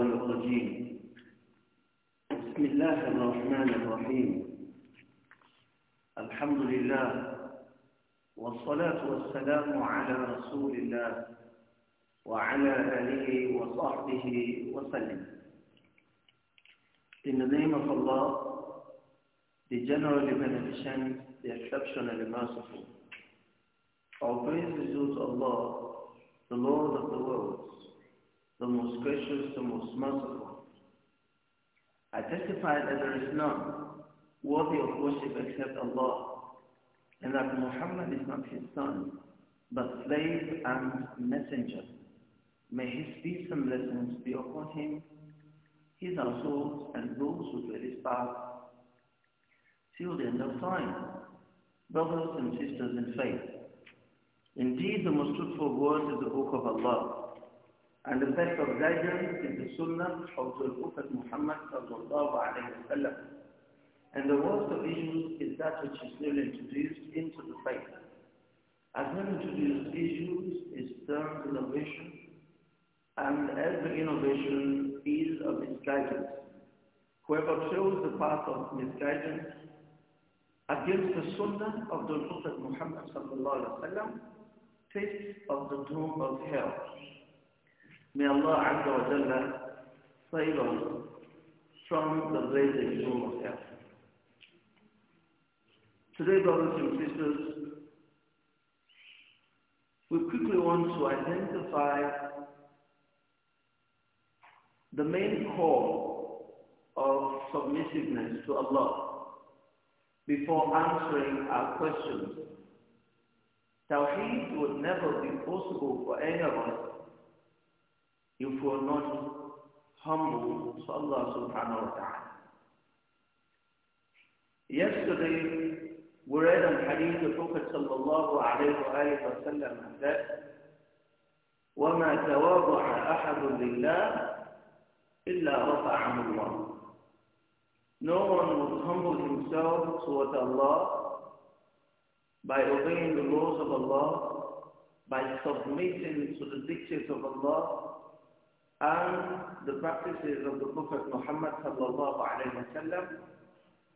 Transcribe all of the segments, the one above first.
الرجيم بسم الله الرحمن الرحيم الحمد لله والصلاة والسلام على رسول الله وعلى آله وصحبه وسلم In the name of Allah, the General beneficent, the exceptionally merciful. Our praise is due to Allah, the Lord of the worlds. the most gracious, the most merciful. I testify that there is none worthy of worship except Allah, and that Muhammad is not his son, but slave and messenger. May his peace and blessings be upon him, his household, and those who tread his path, till the end of time. Brothers and sisters in faith, indeed the most truthful word is the Book of Allah, and the best of guidance is the Sunnah of the Prophet Muhammad sallallahu alayhi wa And the worst of issues is that which is newly introduced into the faith. As new introduced issues is termed innovation, and every innovation is a misguidance. Whoever chose the path of misguidance against the Sunnah of the Prophet Muhammad sallallahu alayhi wa sallam, takes of the doom of hell. May Allah Azza wa Jalla save us from the blazing doom of hell. Today, brothers and sisters, we quickly want to identify the main core of submissiveness to Allah before answering our questions. Tawheed would never be possible for any of us if we are not humble to Allah subhanahu wa ta'ala. Yesterday, we read on hadith the Prophet sallallahu alayhi wa sallam that وَمَا تَوَضَعَ أَحَدٌ لِلَّهِ إِلَّا رَفَعَهُ اللَّهُ No one will humble himself toward Allah by obeying the laws of Allah, by submitting to the dictates of Allah, and the practices of the Prophet Muhammad sallallahu alayhi wa sallam,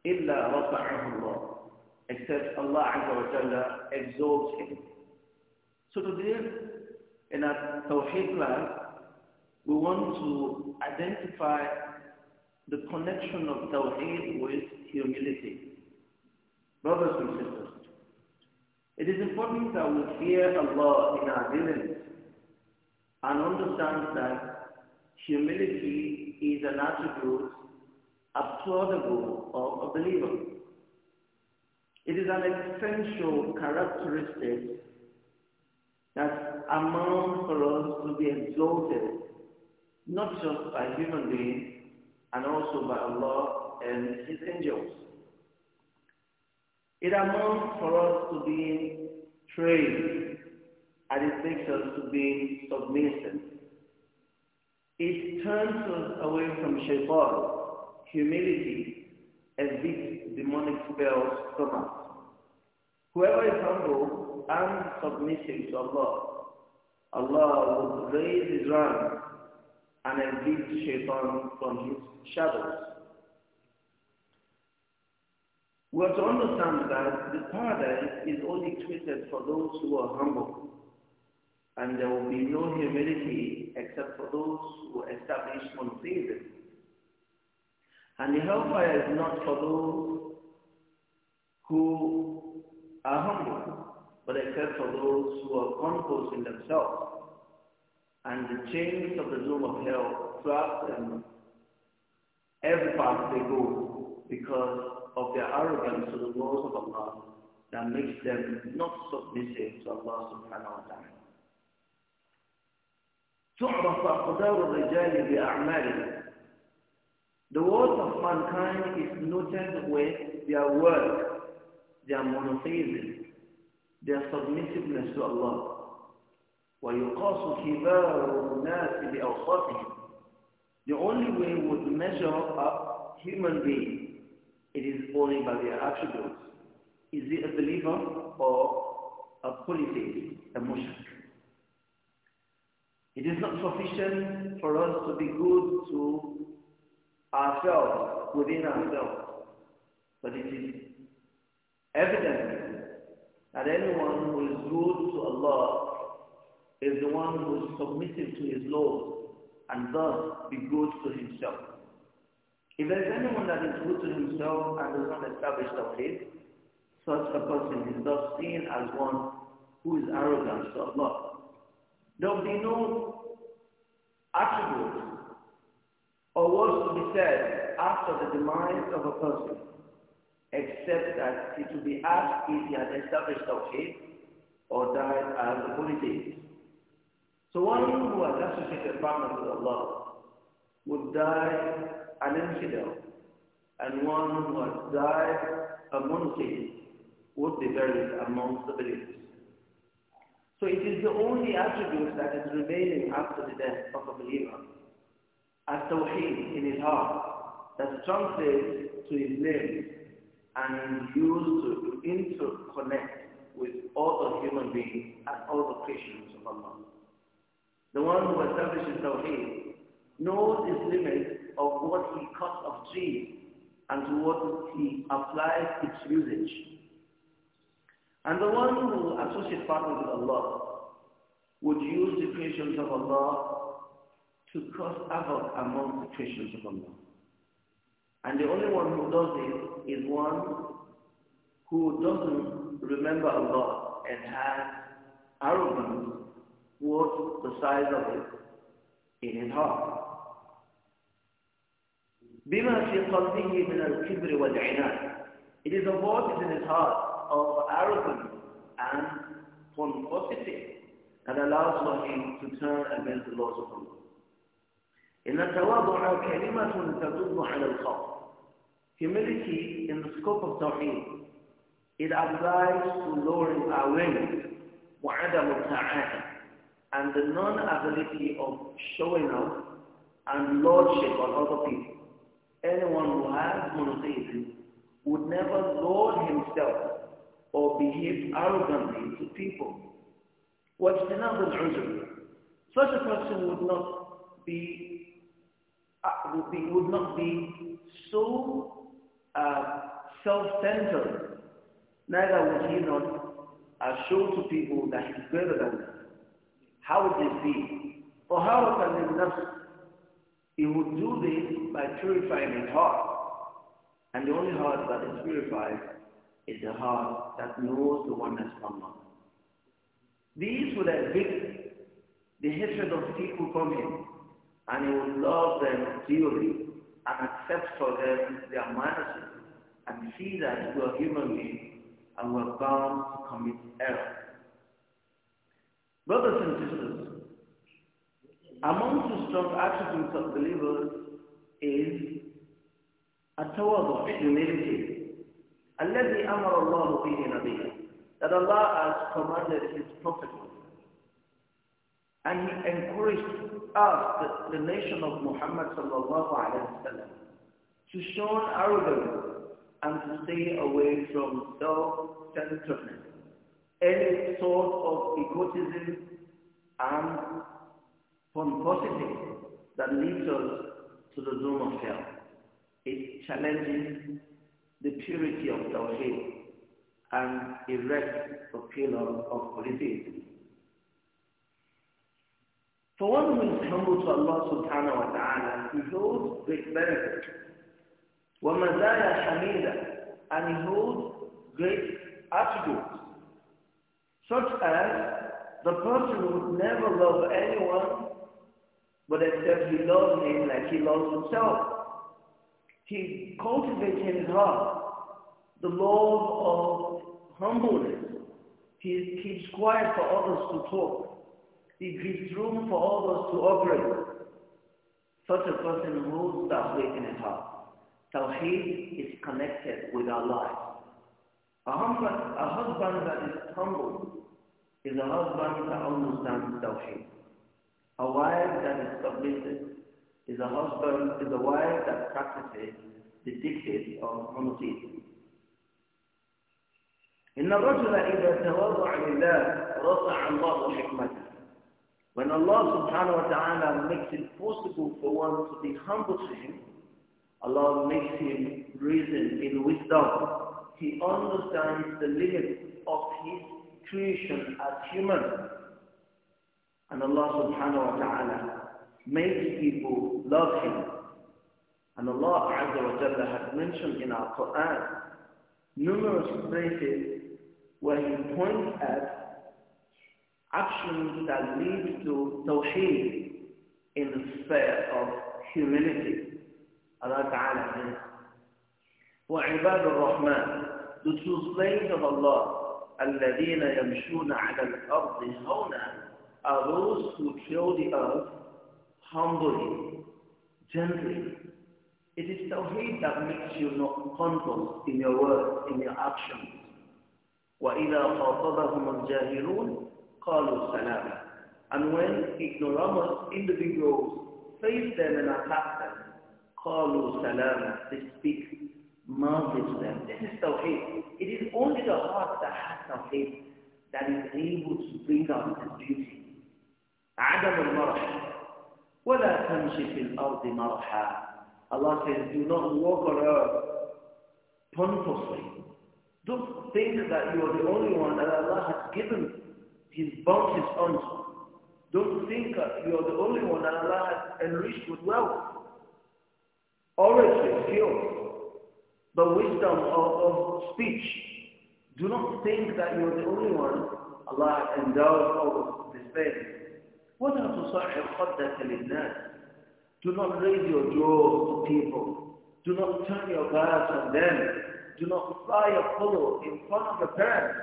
إِلَّا رَفَعَهُ اللَّهُ Except Allah Azza wa Jalla exalts him. So today, in our Tawheed class, we want to identify the connection of Tawheed with humility. Brothers and sisters, it is important that we fear Allah in our dealings and understand that humility is an attribute applaudable of a believer. It is an essential characteristic that amounts for us to be exalted, not just by human beings, and also by Allah and His angels. It amounts for us to be trained, and it makes us to be submissive. It turns us away from shaitan, humility, and these demonic spells from us. Whoever is humble and submissive to Allah, Allah will raise his rank and evict shaitan from his shadows. We have to understand that the paradise is only created for those who are humble and there will be no humility except for those who establish monotheism. And the hellfire is not for those who are humble, but except for those who are composed in themselves. And the chains of the doom of hell trap them every path they go because of their arrogance to the laws of Allah that makes them not submissive to Allah subhanahu wa ta'ala. تعرف أقدار الرجال بأعمالهم The world of mankind is noted with their work, their monotheism, their submissiveness to Allah. ويقاس كبار الناس بأوصافهم The only way we would measure a human being, it is only by their attributes. Is he a believer or a polytheist, a mushrik? It is not sufficient for us to be good to ourselves, within ourselves. But it is evident that anyone who is good to Allah is the one who is submissive to his laws and thus be good to himself. If there is anyone that is good to himself and does not establish the faith, such a person is thus seen as one who is arrogant to Allah. There will be no attribute or words to be said after the demise of a person, except that it will be asked if he had established tawheed or died as a polytheist. So one who has associated partners with Allah would die an infidel, and one who has died a monotheist would be buried among the believers. So it is the only attribute that is remaining after the death of a believer. As tawheed in his heart, that translates to his name and used to interconnect with all the human beings and all the creatures of Allah. The one who establishes Tawheed knows his limit of what he cuts of trees and to what he applies its usage. And the one who associates partners with Allah would use the creations of Allah to cause havoc among the creations of Allah. And the only one who does this is one who doesn't remember Allah and has arrogance towards the size of it in his heart. بما في قلبه من الكبر والعناد. It is a voice in his heart of arrogance and pomposity that allows for him to turn against the laws of Allah. إن Humility in the scope of Tawheed, it applies to lowering our wings وعدم التعاهد and the non-ability of showing up and lordship on other people. Anyone who has monotheism would never lord himself or behave arrogantly to people. وَاجْتِنَابُ الْعُذْرِ Such a person would not be, uh, would, be would not be so uh, self-centered. Neither would he not uh, show to people that he's better than them. How would this be? Or how can he not? He would do this by purifying his heart. And the only heart that is purified is the heart that knows the oneness of Allah. These would have been the hatred of people from him, and he would love them dearly and accept for them their minuses and see that we are human beings and we are bound to commit error. Brothers and sisters, among the strong attributes of believers is a tower of humility الذي أمر الله به نبيه that Allah has commanded His Prophet and He encouraged us, the, the nation of Muhammad sallallahu alayhi wa to shun arrogance and to stay away from self-centeredness, any sort of egotism and pomposity that leads us to the doom of hell. It's challenging the purity of Tawheed and erect a pillar of polytheism. For one who is humble to Allah subhanahu wa ta'ala, he holds great benefit. وَمَزَايَا حَمِيدًا And he holds great attributes, such as the person would never love anyone but except he loves him like he loves himself. He cultivates in his heart the love of humbleness. He keeps quiet for others to talk. He gives room for others to operate. Such a person holds Tawheed in his heart. Tawheed is connected with our life. A husband, a husband that is humble is a husband that understands Tawheed. A wife that is submissive is a husband, is a wife that practices the dictates of monotheism. إن الرجل إذا تواضع لله رفع الله حكمته. When Allah subhanahu wa ta'ala makes it possible for one to be humble to Him, Allah makes him reason in wisdom. He understands the limits of his creation as human. And Allah subhanahu wa ta'ala makes people love him. And Allah Azza wa Jalla has mentioned in our Quran numerous places where he points at actions that lead to tawheed in the sphere of humility. Allah Ta'ala says, وعباد الرحمن the true slaves of Allah الذين يمشون على الأرض هونا are those who kill the earth humbly, gently. It is Tawheed that makes you not humble in your words, in your actions. وَإِذَا خَاطَبَهُمُ الْجَاهِلُونَ قَالُوا سَلَامًا And when ignoramus individuals face them and attack them, قَالُوا سَلَامًا They speak to them. This is Tawheed. It is only the heart that has Tawheed that is able to bring out the beauty. عدم المرح وَلَا تَمْشِ فِي الْأَرْضِ مَرْحًا Allah says, do not walk on earth pompously. Don't think that you are the only one that Allah has given His bounties on. Don't think that you are the only one that Allah has enriched with wealth. Always with skill, the wisdom of, of speech. Do not think that you are the only one Allah endowed all of these ولا تصعر خدك للناس Do not raise your jaw to people. Do not turn your back on them. Do not fly a pillow in front of your parents.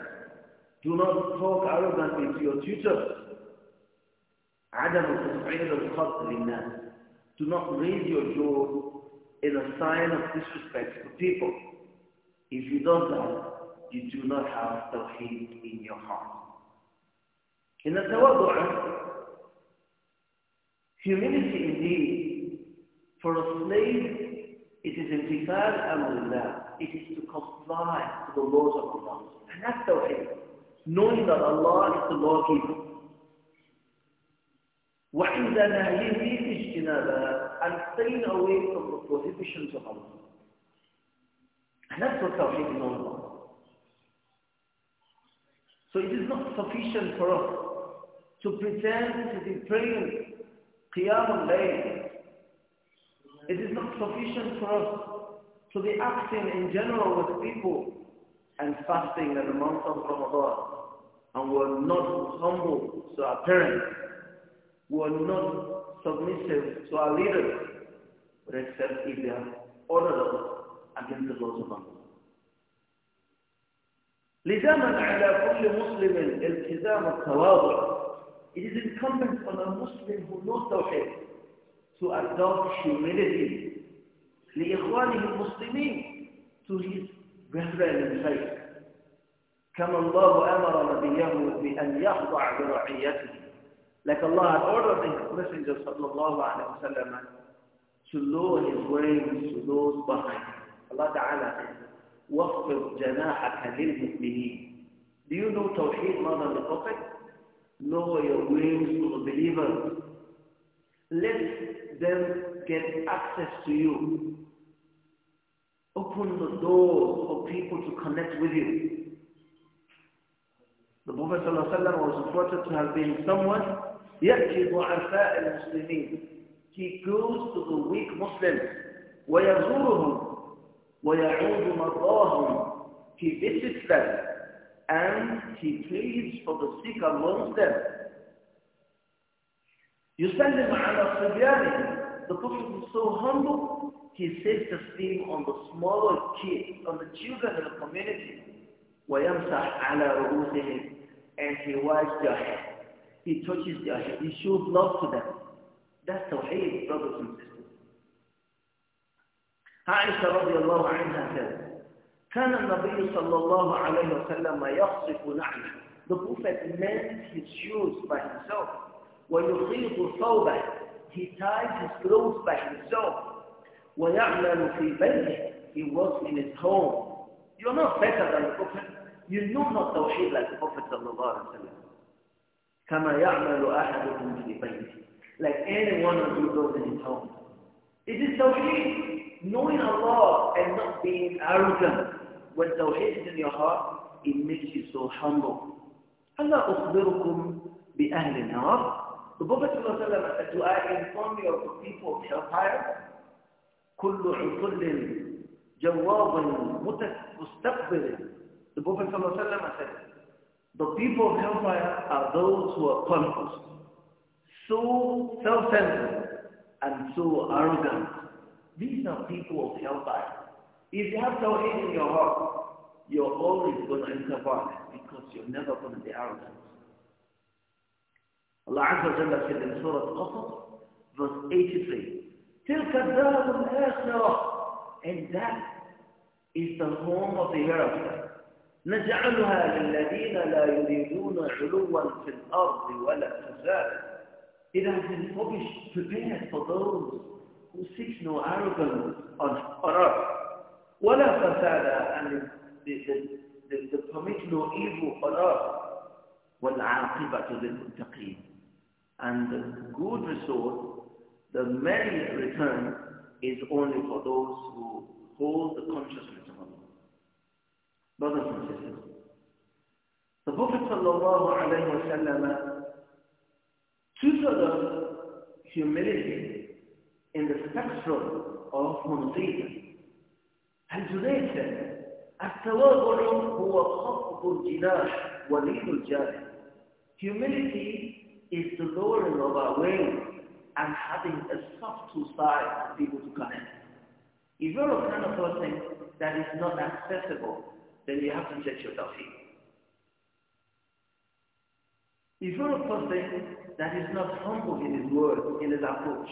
Do not talk arrogantly to your tutors. عدم تصعير الخط للناس. Do not raise your jaw as a sign of disrespect to people. If you don't that, you do not have tawheed in your heart. In the tawaddu'a, Humility indeed, for a slave, it is intifad amrillah. It is to comply to the laws of Allah. And that's way, Knowing that Allah is the lawgiver. وعند نهيه اجتنابا and staying away from the prohibitions of Allah. And that's what Tawheed is all about. So it is not sufficient for us to pretend to be praying Qiyamul Layl. It is not sufficient for us to be acting in general with people and fasting in the month of Ramadan. And we're not humble to our parents. We're not submissive to our leaders. But except if they have ordered us against the laws of Allah. لزاما على كل مسلم التزام التواضع it is incumbent on a Muslim who knows Tawheed to adopt humility لإخوانه المسلمين to his brethren in faith. كما الله أمر نبيه بأن يخضع لرعيته Like Allah had ordered His Messenger sallallahu alaihi wasallam to lower his wings to those behind. Allah Ta'ala says, وَاخْفِضْ جَنَاحَكَ لِلْمُؤْمِنِينَ Do you know Tawheed more than the Prophet? Lower your wings to the believers. Let them get access to you. Open the doors for people to connect with you. The Prophet ﷺ was reported to have been someone يأتي ضعفاء المسلمين. He goes to the weak Muslims ويزورهم ويعود مرضاهم. He visits them and he prays for the sick amongst them. You send يسلم على صبيانه. The Prophet was so humble, he saves the same on the smaller kids, on the children in the community. ويمسح على رؤوسهم and he wipes their head. He touches their head. He shows love to them. That's tawheed, brothers and sisters. Aisha الله anha said. كان النبي صلى الله عليه وسلم يخصف نعله The Prophet mends his shoes by himself. ويخيط ثوبه He ties his clothes by himself. ويعمل في بيته He works in his home. You're not better than the Prophet. You know not Tawheed like the Prophet صلى الله عليه وسلم. كما يعمل أحدكم في بيته Like any one of you goes in his home. It is Tawheed. Knowing Allah and not being arrogant when tawheed is in your heart, it makes you so humble. Allah أخبركم بأهل النار The Prophet ﷺ said, do I inform you of the people of hellfire? كل جواب مستقبل The Prophet ﷺ said, the people of hellfire are those who are pompous, so self-centered, and so arrogant. These are people of hellfire. If you have tawheed in your heart, you're always going to enter violence because you're never going to be arrogant. Allah Azza wa Jalla said in Surah Qasas, verse 83, تِلْكَ الدَّارُ الْآخِرَةِ And that is the home of the hereafter. نجعلها للذين لا يريدون علوا في الأرض ولا فسادا. It has been published prepared for those who seek no arrogance on earth. ولا فساد and the the the permit no evil on earth والعاقبة للمتقين and the good result the merry return is only for those who hold the consciousness of Allah brothers and sisters the Prophet sallallahu alayhi wa sallam tutored us humility in the spectrum of monotheism الجنيسة التواضع هو خفض الجناح ولين الجاه Humility is the lowering of our way and having a soft side for people to connect. If you're a kind of person that is not accessible, then you have to check your in. If you're a person that is not humble in his words, in his approach,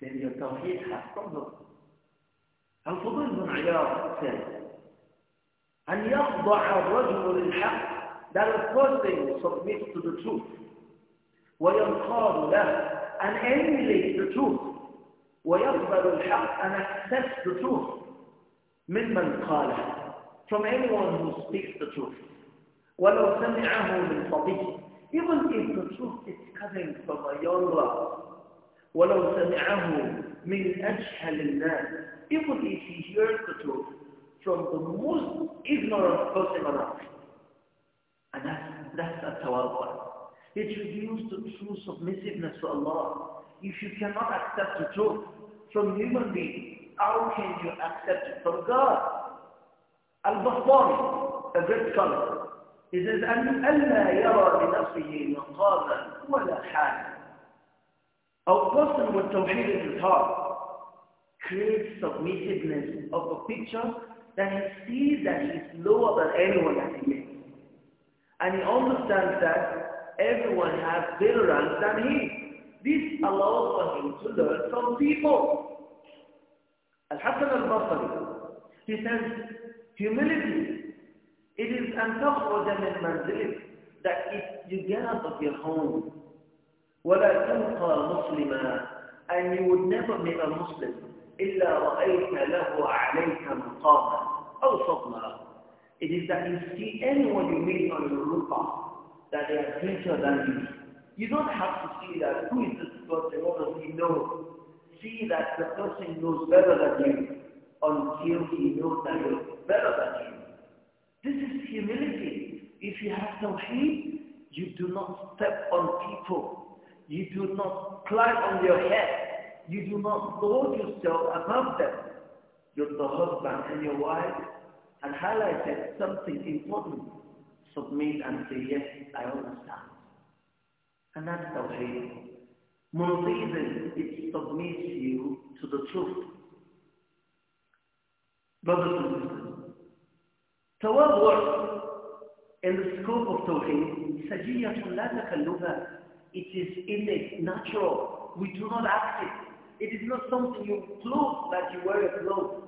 then your tawheed has problems. الفضيل بن عياض الثاني أن يخضع الرجل للحق that a person will submit to the truth وينقاد له and emulate the truth ويقبل الحق and accept the truth ممن قاله from anyone who speaks the truth ولو سمعه من صبي even if the truth is coming from a young love وَلَوْ سَمِعَهُ مِنْ أَجْهَلِ النَّاسِ Even if he hears the truth from the most ignorant person around And that's, that's a tawakkul. It reveals the true submissiveness to Allah. If you cannot accept the truth from human beings, how can you accept it from God? Al-Bahtari, a great scholar, he says, أَلَّا يَرَى لِنَفْسِهِ مَقَامًا وَلَا حَالًا a person with Tawheed in heart creates submissiveness of a picture that he sees that he's lower than anyone that he And he understands that everyone has better ranks than he. This allows for him to learn from people. Al-Hassan al-Basri, he says, humility, it is untouchable تخرج من منزلك, that it, you get out of your home ولا تلقى مسلما and you would never meet a Muslim إلا رأيت له عليك مقاما أو فضلا It is that you see anyone you meet on your route that they are greater than you. You don't have to see that who is this person, what does he know? See that the person knows better than you until he knows that you're better than him. This is humility. If you have no hate, you do not step on people you do not climb on your head. You do not hold yourself above them. You're the husband and your wife and highlighted something important. Submit and say, yes, I understand. And that's More Monotheism, it submits you to the truth. Brothers and sisters, in the scope of Tawheed, sajiyatun la takalluha it is innate, natural. We do not act it. It is not something you clothe that you wear a cloth.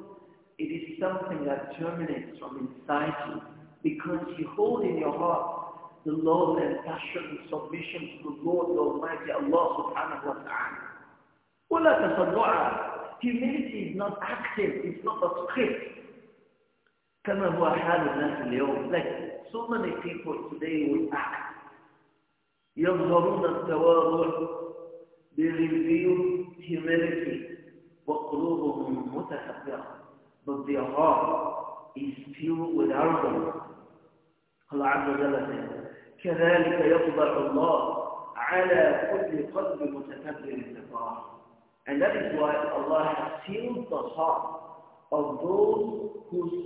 It is something that germinates from inside you because you hold in your heart the love and passion and submission to the Lord the Almighty Allah subhanahu wa ta'ala. وَلَا Humility is not active, it's not a script. كما هو حال الناس اليوم. Like so many people today will act يظهرون التواضع بريفيو humility وقلوبهم متحفرة but their heart is pure with arrogance قال عز وجل كذلك يطبع الله على كل قلب متكبر كفار and that is why Allah has sealed the heart of those whose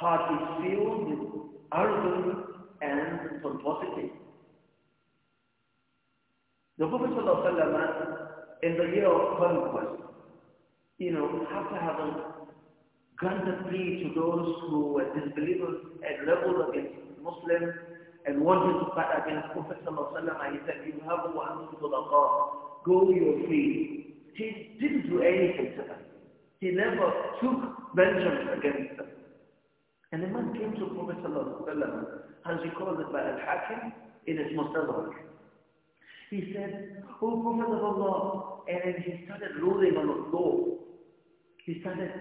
heart is filled with arrogance and pomposity The Prophet ﷺ, in the year of conquest, you know, after having granted plea to those who were disbelievers and rebelled against Muslims and wanted to fight against Prophet ﷺ, he said, you have one sadaqah, go your free. He didn't do anything to them. He never took vengeance against them. And the man came to Prophet ﷺ and recorded by Al-Hakim in his Mustadrak. He said, O oh, Prophet of Allah, and then he started ruling on the floor. He started,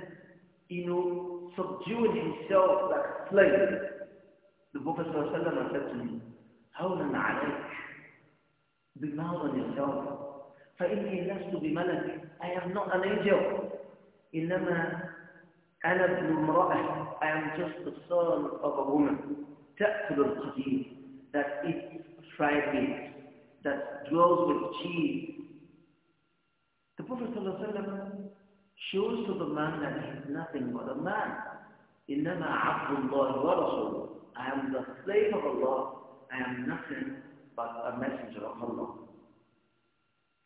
you know, subduing himself like a slave. The Prophet said to me, هونا عليك on yourself فإني لست بملك I am not an angel إنما أنا ابن امرأة I am just the son of a woman تأكل القديم that eats fried meat that dwells with cheese. The Prophet ﷺ shows to the man that he is nothing but a man. إِنَّمَا عَبْدُ اللَّهِ وَرَسُولُهُ I am the slave of Allah. I am nothing but a messenger of Allah.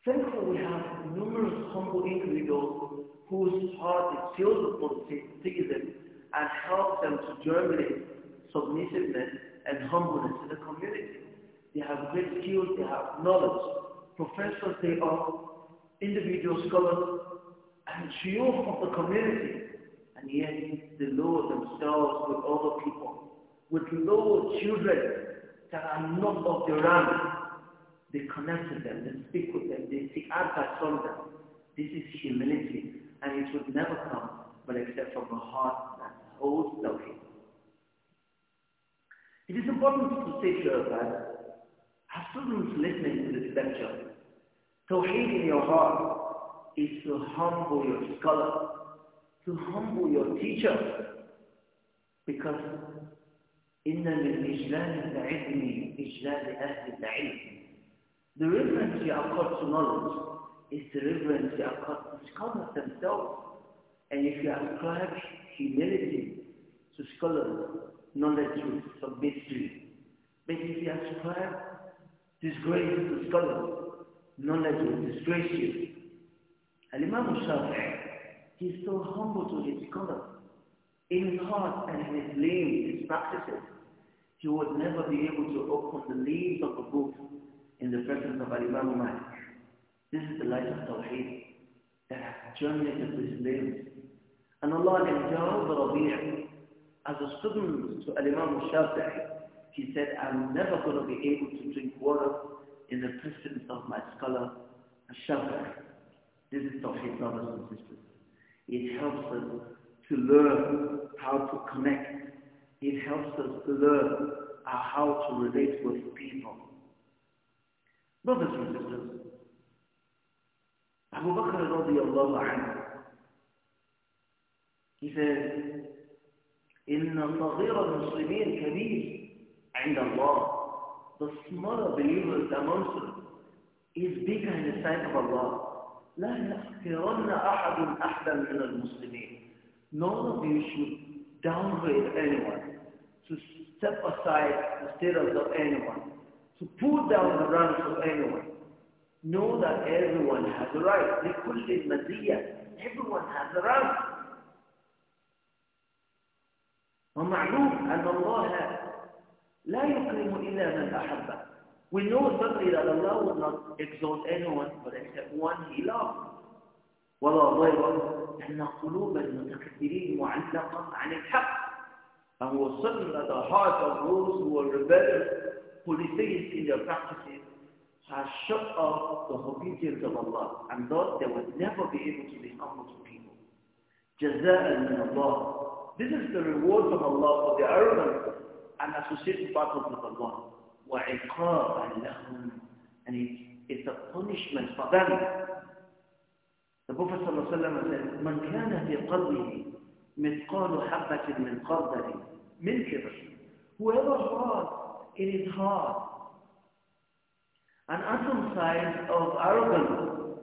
Thankfully, we have numerous humble individuals whose heart is filled with polytheism and helps them to germinate submissiveness and humbleness in the community. They have great skills. They have knowledge. Professors they are, individual scholars, and shuyukh of the community. And yet they lower themselves with other people, with lower children that are not of their rank. They connect with them. They speak with them. They seek advice from them. This is humility, and it would never come but except from a heart that holds love. It is important to say here that have students listening to this lecture. Tawheed in your heart is to humble your scholar, to humble your teacher, because إن من إجلال العلم إجلال أهل العلم. The reverence you accord to knowledge is the reverence you accord to scholars themselves. And if you ascribe humility to scholars, knowledge will submit to you. But if you ascribe disgrace the scholar. Knowledge will disgrace you. Al-Imam Shafi'i, he's so humble to his scholar. In his heart and in his name, his practices, he would never be able to open the leaves of a book in the presence of Al-Imam Malik. This is the light of Tawheed that has germinated his limbs. And Allah endowed Rabi' as a student to Al-Imam Shafi'i he said, I'm never going to be able to drink water in the presence of my scholar, Ashafi. This is Tawheed, brothers and sisters. It helps us to learn how to connect. It helps us to learn how to relate with people. Brothers and sisters, Abu Bakr radiallahu anhu, he said, إن صغير المسلمين كبير and Allah. The smaller believers amongst us is bigger in the sight of Allah. لا يحقرن أحد أحدا من المسلمين. None of you should downgrade anyone, to step aside the status of anyone, to pull down the ranks of anyone. Know that everyone has a right. لكل مزية. Everyone has a right. ومعلوم أن الله لا يكرم إلا من أحبه We know certainly that Allah will not exalt anyone but except one He loves. ولا ضير أن And we're certain that the heart of those who are rebellious, polytheists in their practices, has shut off the obedience of Allah, and thus they will never be able to be humble to people. جزاء من Allah. This is the reward from Allah for the arrogance and associated partner with Allah. وَعِقَابًا لَهُمْ And it, it's a punishment for them. The Prophet ﷺ said, مَنْ كَانَ فِي قَلْبِهِ مِثْقَالُ حَبَّةٍ مِنْ مِنْ Whoever has in his heart an atom size of arrogance,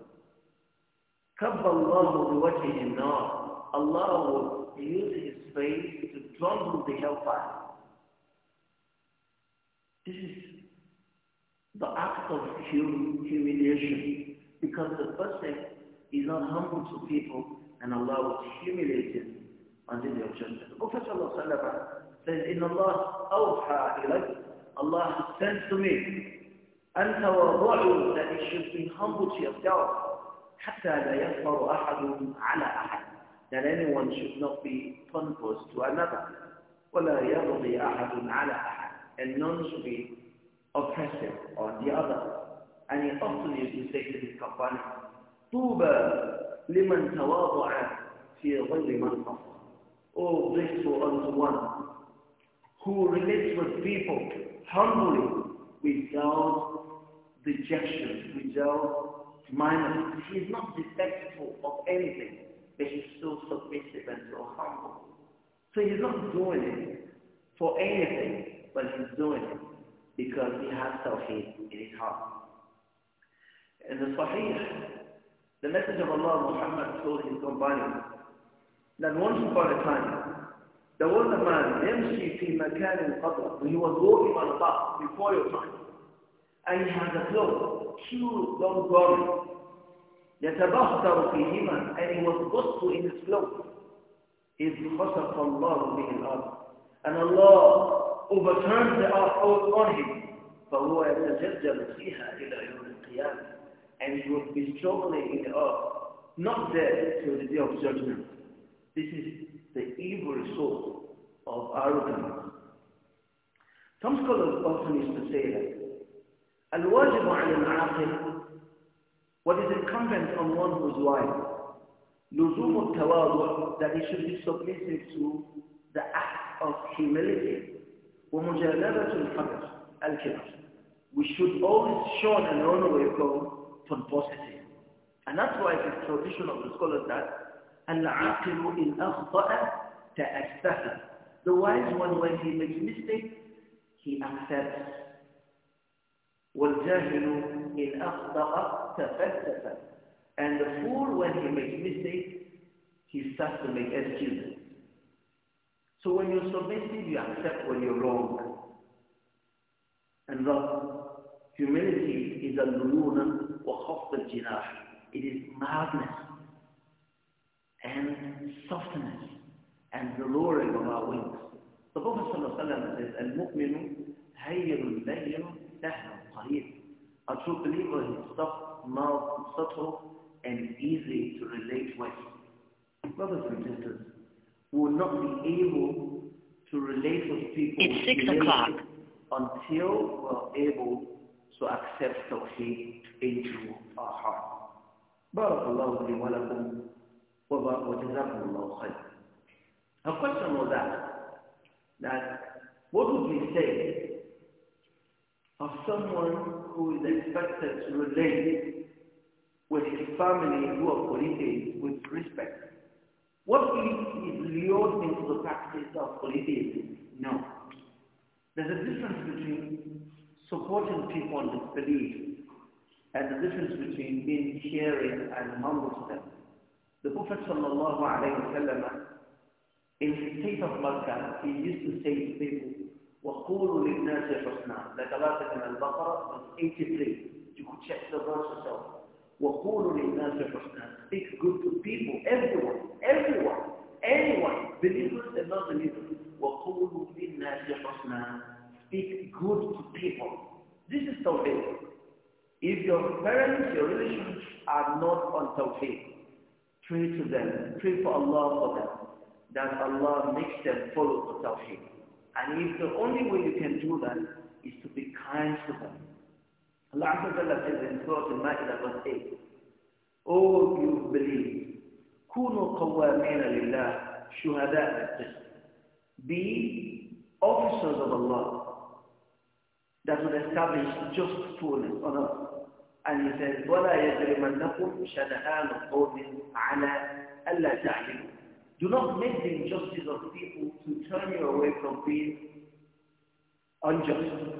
كَبَّ اللَّهُ بِوَجْهِهِ النَّارِ Allah will use his face to drumble the hellfire. This is the act of hum humiliation because the person is not humble to people and Allah will humiliate under the objection. of The Prophet says, In Allah, awha ilayk, Allah has sent to me, أن تواضعوا that it should be humble to yourself حتى لا يظهر أحد على أحد that anyone should not be pompous to another ولا يرضي أحد على أحد and known to be oppressive on the other. And he often used to say to his companions, طوبى لمن تواضع في ظل من خصم. Oh, blissful unto one who relates with people humbly without dejection, without minor? He is not respectful of anything, but he's so submissive and so humble. So he's not doing it for anything but he's doing it because he has tawheed in his heart. In the Sahih, the message of Allah, Muhammad, told his companions that once upon a time, there was a man, named في مكان قبر, he was walking on a path before your time, and he had a cloak, two long garments, يتبختر فيهما, and he was gospel in his cloak. إذ خسف Allah being الأرض, and Allah overturned the oath on him. فهو يتجدد فيها إلى يوم القيامة and he will be struggling in the earth, not dead till the day of judgment. This is the evil result of arrogance. Some scholars often used to say that الواجب على العاقل what is incumbent on one whose wife لزوم التواضع that he should be submissive to the act of humility الكبر. We should always show and run away from pomposity. And that's why the tradition of the scholars that العاقل إن أخطأ تأسفه. The wise one, when he makes mistake, he accepts. والجاهل إن أخطأ تفلسف. And the fool, when he makes mistake, he starts to make excuses. So when you're submissive, you accept when you're wrong. And thus, humility is a luluna wa khafd It is madness and softness and the lowering of our wings. The Prophet ﷺ says, Al-mu'minu hayyirun bayyirun sahnun qareeb. A true believer is soft, mild, subtle, and easy to relate with. Brothers and sisters, we will not be able to relate with people. It's six o'clock. Until we're able to accept Tawheed into our heart. بارك الله لي ولكم وجزاكم الله خير. Her question was that, that what would you say of someone who is expected to relate with his family who are polygamy with respect? What is lured into the practice of polytheism? No. There's a difference between supporting people in belief and the difference between being sharing and non-Muslim. The Prophet sallallahu alayhi wasallam in the state of Makkah, he used to say to people, وَقُولُوا لِلنَّاسِ حُسْنًا Like Allah said in Al-Baqarah, verse 83. You could check the verse yourself. وَقُولُوا لِلنَّاسِ حُسْنًا Speak good to people, everyone, everyone, anyone, believers and non-believers. وَقُولُوا لِلنَّاسِ حُسْنًا Speak good to people. This is Tawheed. If your parents, your relations are not on Tawheed, pray to them, pray for Allah for them, that Allah makes them follow the Tawheed. And if the only way you can do that is to be kind to them, الله عز وجل says in Surah Al-Ma'idah verse 8, O you who believe, كونوا قوامين لله شهداء بالقسط. Be officers of Allah that will establish justfulness on earth. And he says, وَلَا يَجْرِمَنَّكُمْ شَنَآنُ قَوْمٍ عَلَىٰ أَلَّا تَعْلِمُوا Do not make the injustice of people to turn you away from being unjust.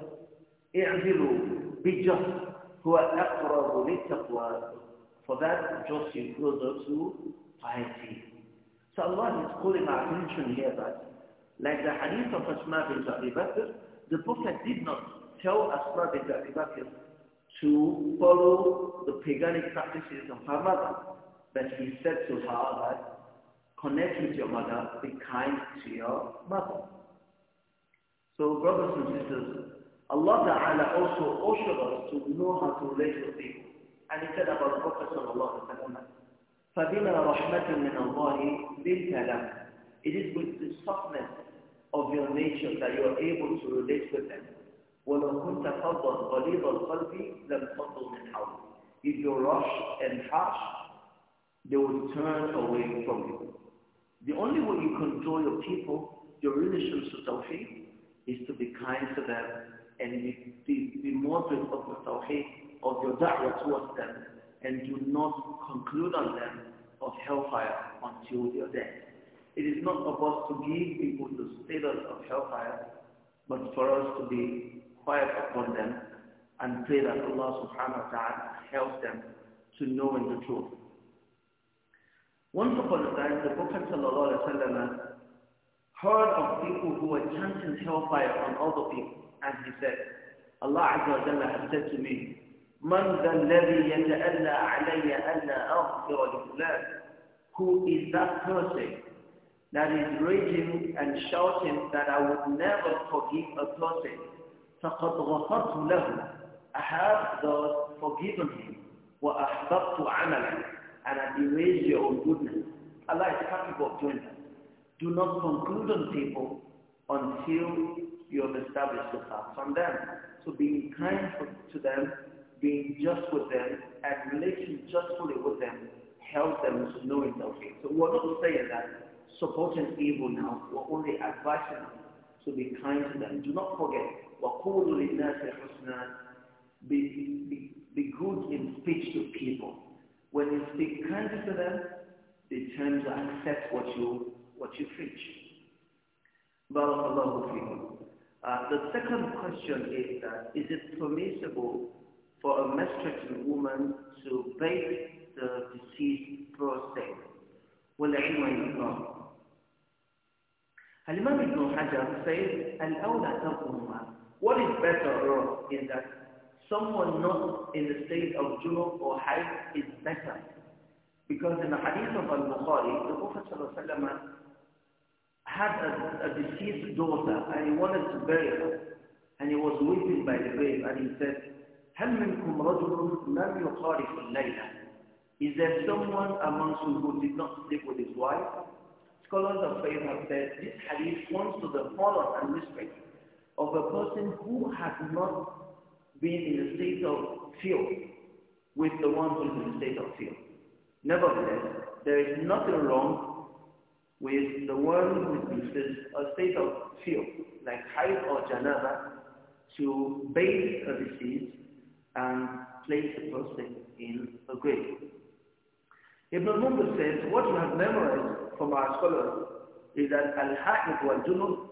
اعْذِرُوا بالجهر هو أقرب للتقوى for that just you closer to piety. So Allah is calling our attention here that like the hadith of Asma bin Abi Bakr, the Prophet did not tell Asma bin Abi Bakr to follow the paganic practices of her mother. But he said to her that connect with your mother, be kind to your mother. So brothers and sisters, Allah Ta'ala also ushered us to know how to relate with people. And he said about the Prophet Sallallahu Alaihi Wasallam, فَبِمَا رَحْمَةٍ مِّنَ اللَّهِ It is with the softness of your nature that you are able to relate with them. وَلَوْ كُنْتَ فَضًّا غَلِيظَ الْقَلْبِ لَمْ فَضُّوا مِنْ حَوْلِكَ If you rush and harsh, they will turn away from you. The only way you control your people, your relations to Tawheed, is to be kind to them and be, be, be of your tawheed, of your da'wah towards them, and do not conclude on them of hellfire until your death. It is not for us to give people the status of hellfire, but for us to be quiet upon them and pray that Allah subhanahu wa ta'ala helps them to know the truth. Once upon a time, the Prophet sallallahu alaihi wasallam heard of people who were chanting hellfire on other people. And he said, Allah Azza wa Jalla has said to me, من ذا الذي يتألى علي أن أغفر لفلان Who is that person that is raging and shouting that I would never forgive a person? فقد غفرت له I have thus forgiven him وأحببت عمله and I erase your own goodness. Allah is capable of doing that. Do not conclude on people until you have established the path them. So being kind hmm. to them, being just with them, and relating justfully with them helps them to know it's okay. So we're not saying that supporting evil now, we're only advising them to be kind to them. Do not forget, be, be, be good in speech to people. When you speak kindly to them, they tend to accept what you what you preach. بارك الله فيكم uh, the second question is that is it permissible for a menstruating woman to bathe the deceased prostate? Well, عند الله. الإمام ابن says What is better or is that someone not in the state of junub or hajj is better. Because in the hadith of Al-Bukhari, the Prophet ﷺ had a, a deceased daughter and he wanted to bury her and he was weeping by the grave and he said, هل منكم رجل لم يخالف الليلة? Is there someone amongst you who did not sleep with his wife? Scholars of faith have said this hadith points to the honor and respect of a person who has not been in a state of fear with the one who is in a state of fear. Nevertheless, there is nothing wrong with the one who is in a state of fear, like haid or janaba, to bathe a deceased and place the person in a grave. Ibn Mundar says, what you have memorized from our scholars is that al-ha'id wal-junub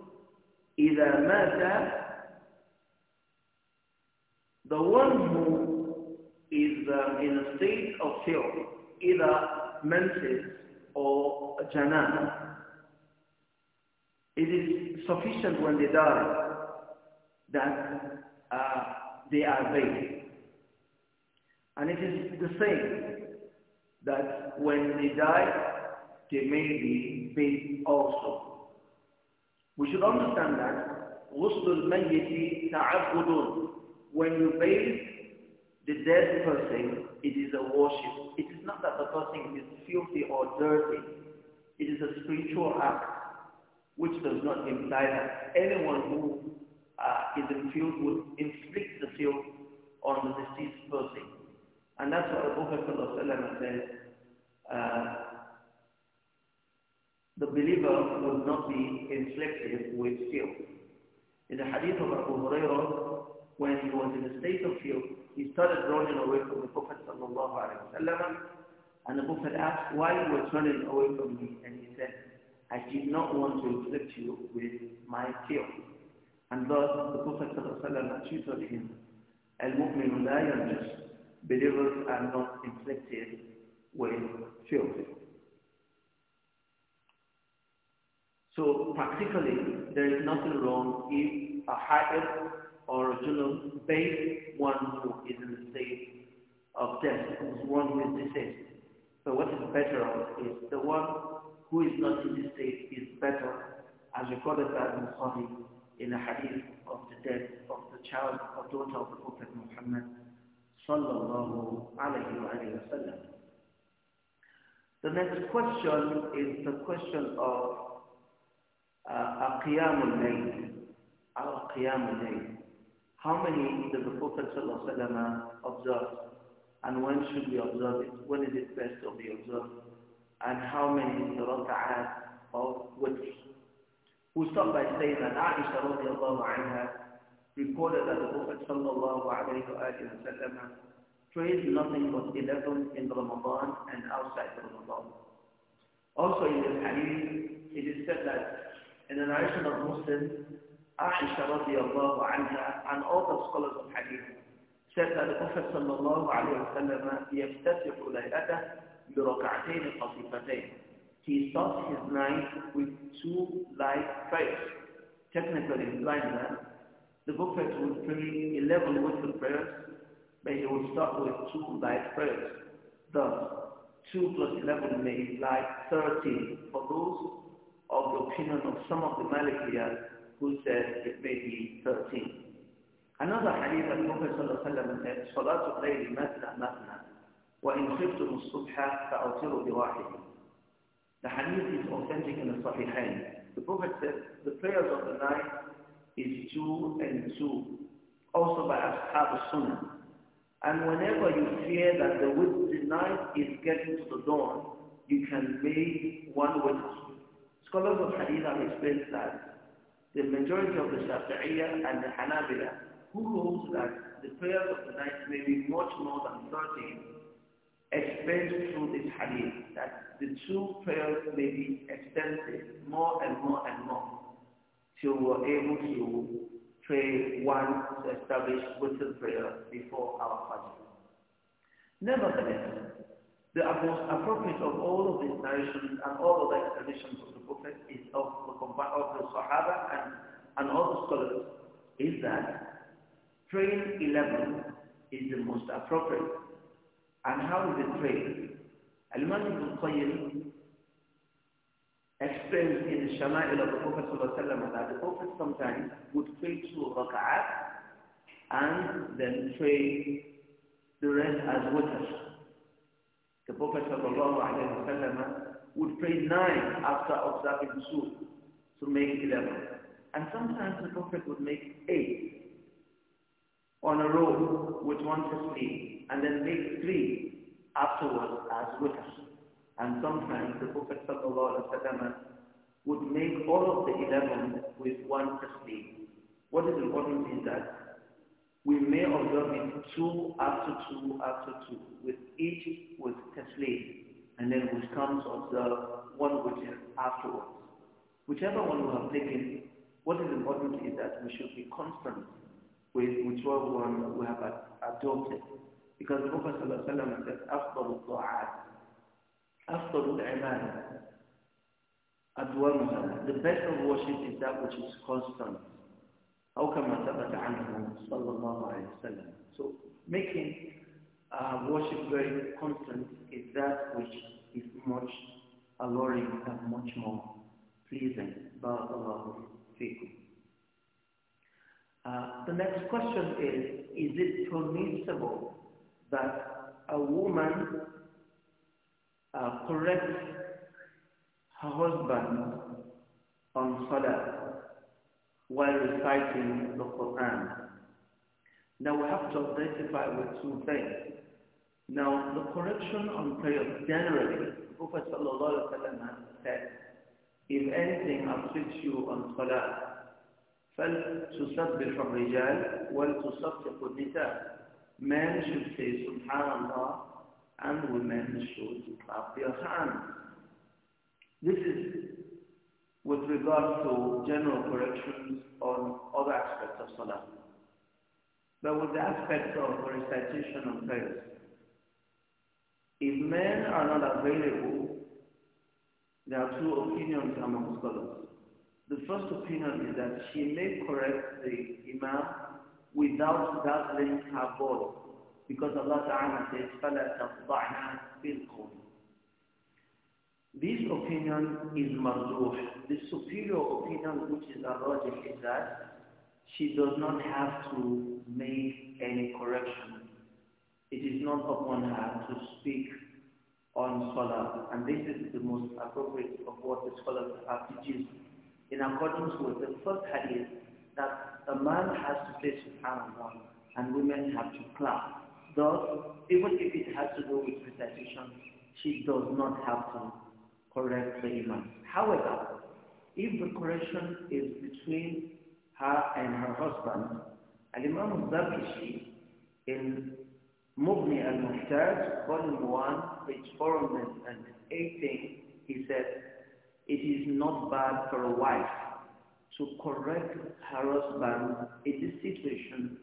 إذا مات the one who is uh, in a state of fear, either menses or Jannah. It is sufficient when they die that uh, they are vain. And it is the same that when they die, they may be vain also. We should understand that غسل الميت تعبد when you bathe the dead person, it is a worship. It is not that the person is filthy or dirty. It is a spiritual act which does not imply that anyone who uh, is in field would inflict the filth on the deceased person. And that's what the Prophet says. Uh, the believer will not be inflicted with filth. In the hadith of Abu Hurairah, when he was in a state of fear, he started running away from the Prophet sallallahu and the Prophet asked why you were running away from me, and he said, I did not want to afflict you with my fear. And thus the Prophet sallallahu tutored him, Al-Mu'min la yanjus, believers are not inflicted with fear. So practically, there is nothing wrong if a higher or general base one who is in the state of death, whose one who is deceased. So what is better is the one who is not in this state is better, as recorded by Ibn in the hadith of the death of the child or daughter of the Prophet Muhammad sallallahu alayhi wa alayhi wa sallam. The next question is the question of uh, al-qiyam layl al layl how many does the Prophet ﷺ observe? And when should we observe it? When is it best to be observed? And how many raka'at of which? we start by saying that Aisha radiallahu anha reported that the Prophet sallallahu alayhi wa sallam prayed nothing but 11 in Ramadan and outside Ramadan. Also in the hadith, it is said that in the narration of Muslims. Aisha radiallahu anha and other scholars of hadith said that the Prophet sallallahu alayhi wa sallam يَفْتَسِحُ لَيْلَتَهُ بِرَكَعْتَيْنِ خَفِيفَتَيْن He starts his night with two light prayers. Technically, blind man, the Prophet would pray 11 whistle prayers, but he would start with two light prayers. Thus, 2 plus 11 makes like 13 for those of the opinion of some of the Malikiyah who said it may be 13. Another hadith that Prophet ﷺ said, صلاة الليل مثنى مثنى وإن خفتم الصبح فأوتروا بواحد. The hadith is authentic in the Sahihain. The Prophet said, the prayers of the night is two and two, also by Ashab Sunnah. And whenever you fear that the width of the night is getting to the dawn, you can make one witness. Scholars of Hadith have explained that the majority of the Shafi'iyya and the Hanabila, who holds that the prayers of the night may be much more than 13, explains through this hadith that the two prayers may be extensive more and more and more till we're able to pray one to establish the prayer before our fajr. Nevertheless, the most appropriate of all of these narrations and all of the explanations of the Prophet is of the, of the Sahaba and, and all the scholars is that praying 11 is the most appropriate. And how is it trained? Al-Imam Ibn Qayyim explains in the Shama'il of the Prophet that the Prophet sometimes would pray two raka'at and then pray the rest as witness. The Prophet وسلم, would pray nine after observing two to make eleven. And sometimes the Prophet would make eight on a row with one three and then make three afterwards as witness. And sometimes the Prophet وسلم, would make all of the eleven with one three. What is important is that we may observe it two after two after two, with each with tasleem, and then we come to observe one which is afterwards. Whichever one we have taken, what is important is that we should be constant with whichever one we have adopted. Because the Prophet ﷺ said, أفضل الطاعات أفضل العبادة أدومها The best of worship is that which is constant. أو كما ثبت عنه صلى الله عليه وسلم. So making uh, worship very constant is that which is much alluring and much more pleasing. Barakallahu fikum. Uh, the next question is, is it permissible that a woman uh, corrects her husband on salah while reciting the Quran. Now we have to identify with two things. Now the correction on prayer generally, the Prophet said, if anything afflicts you on salah, فلتسبح الرجال to النساء. Men should say Subhanallah and women should clap their hands. This is with regard to general corrections on other aspects of Salah. But with the aspect of recitation and prayers, if men are not available, there are two opinions among scholars. The first opinion is that she may correct the imam without dazzling her voice, because Allah Ta'ala says, فَلَا تَطْضَعْنَا بِالْقَوْلِ this opinion is marzuh. The superior opinion, which is arrogant, is that she does not have to make any correction. It is not upon her to speak on Salah. And this is the most appropriate of what the scholars have deduced in accordance with the first hadith that a man has to say subhanallah and women have to clap. Thus, even if it has to do with recitation, she does not have to correct However, if the correction is between her and her husband, Al-Imam al in Mughni al-Muhtaj, volume 1, page 418, he said, it is not bad for a wife to correct her husband in this situation.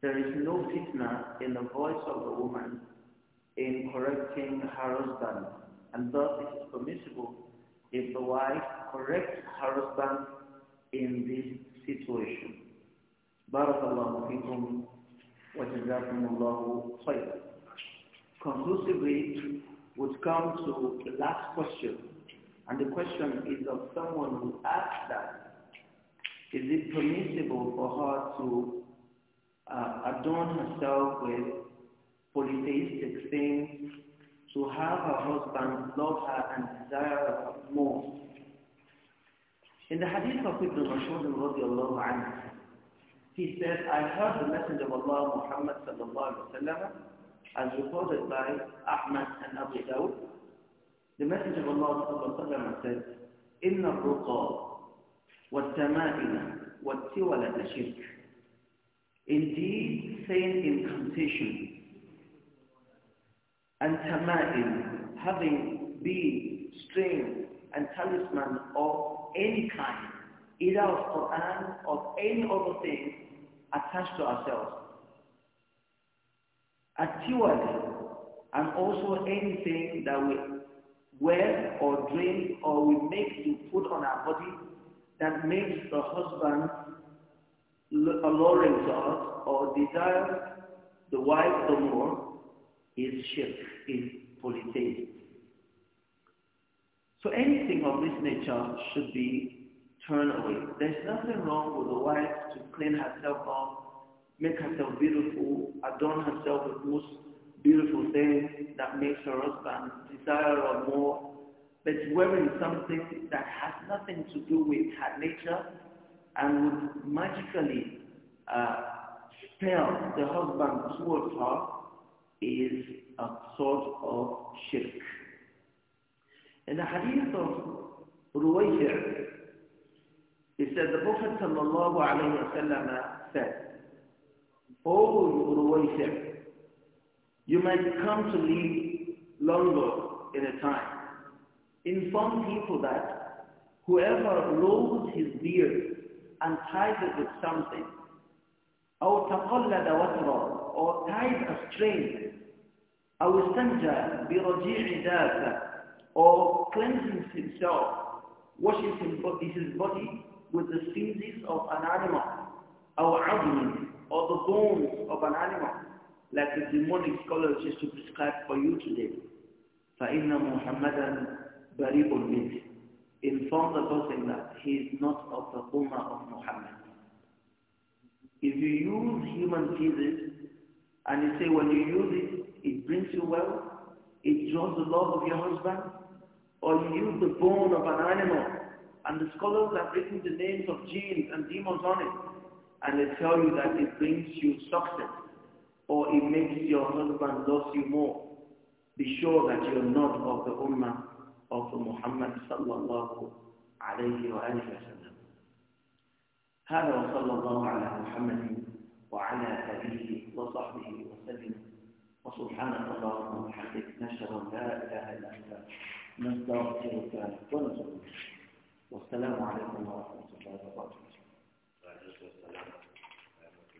There is no fitna in the voice of the woman in correcting her husband and thus it is permissible if the wife corrects her husband in this situation. Barakallahu الله wa وجزاكم الله Conclusively, would come to the last question. And the question is of someone who asked that, is it permissible for her to uh, adorn herself with polytheistic things to have her husband love her and desire her more. In the hadith of Ibn Mas'ud he says, I heard the Messenger of Allah Muhammad sallallahu alayhi wasallam) as reported by Ahmad and Abu Dawud, the Messenger of Allah sallallahu alayhi wa said, إن الرقى والتمائم والتولة شرك. Indeed, saying incantation and tama'il, having been strength, and talisman of any kind, either of Quran or any other thing attached to ourselves. Actually, and also anything that we wear or drink or we make to put on our body that makes the husband alluring to us or desires the wife the more is shirk, is polytheism. So anything of this nature should be turned away. There's nothing wrong with a wife to clean herself up, make herself beautiful, adorn herself with most beautiful things that makes her husband desire her more. But wearing something that has nothing to do with her nature and would magically uh, spell the husband towards her is a sort of shirk. In the hadith of Ruwayfir, he said, the Prophet sallallahu alayhi wa sallam said, O Ruwayfir, you might come to live longer in a time. Inform people that whoever rolls his beard and ties it with something, أو تقلد وترا or tied a string أو استنجى برجيع ذاته or cleanses himself washes his body with the feces of an animal أو عظم or the bones of an animal like the demonic scholars used to prescribe for you today فإن محمدا بريء منه inform the person that he is not of the Ummah of Muhammad if you use human feces and they say when you use it, it brings you wealth, it draws the love of your husband, or you use the bone of an animal. And the scholars have written the names of genes and demons on it. And they tell you that it brings you success, or it makes your husband love you more. Be sure that you're not of the ummah of Muhammad sallallahu alayhi wa sallam. هذا وصلى الله على محمد وعلى آله وصحبه وسلم وسبحانك اللهم وبحمدك نشر لا إله إلا أنت نستغفرك ونتوب إليك والسلام عليكم ورحمة الله وبركاته.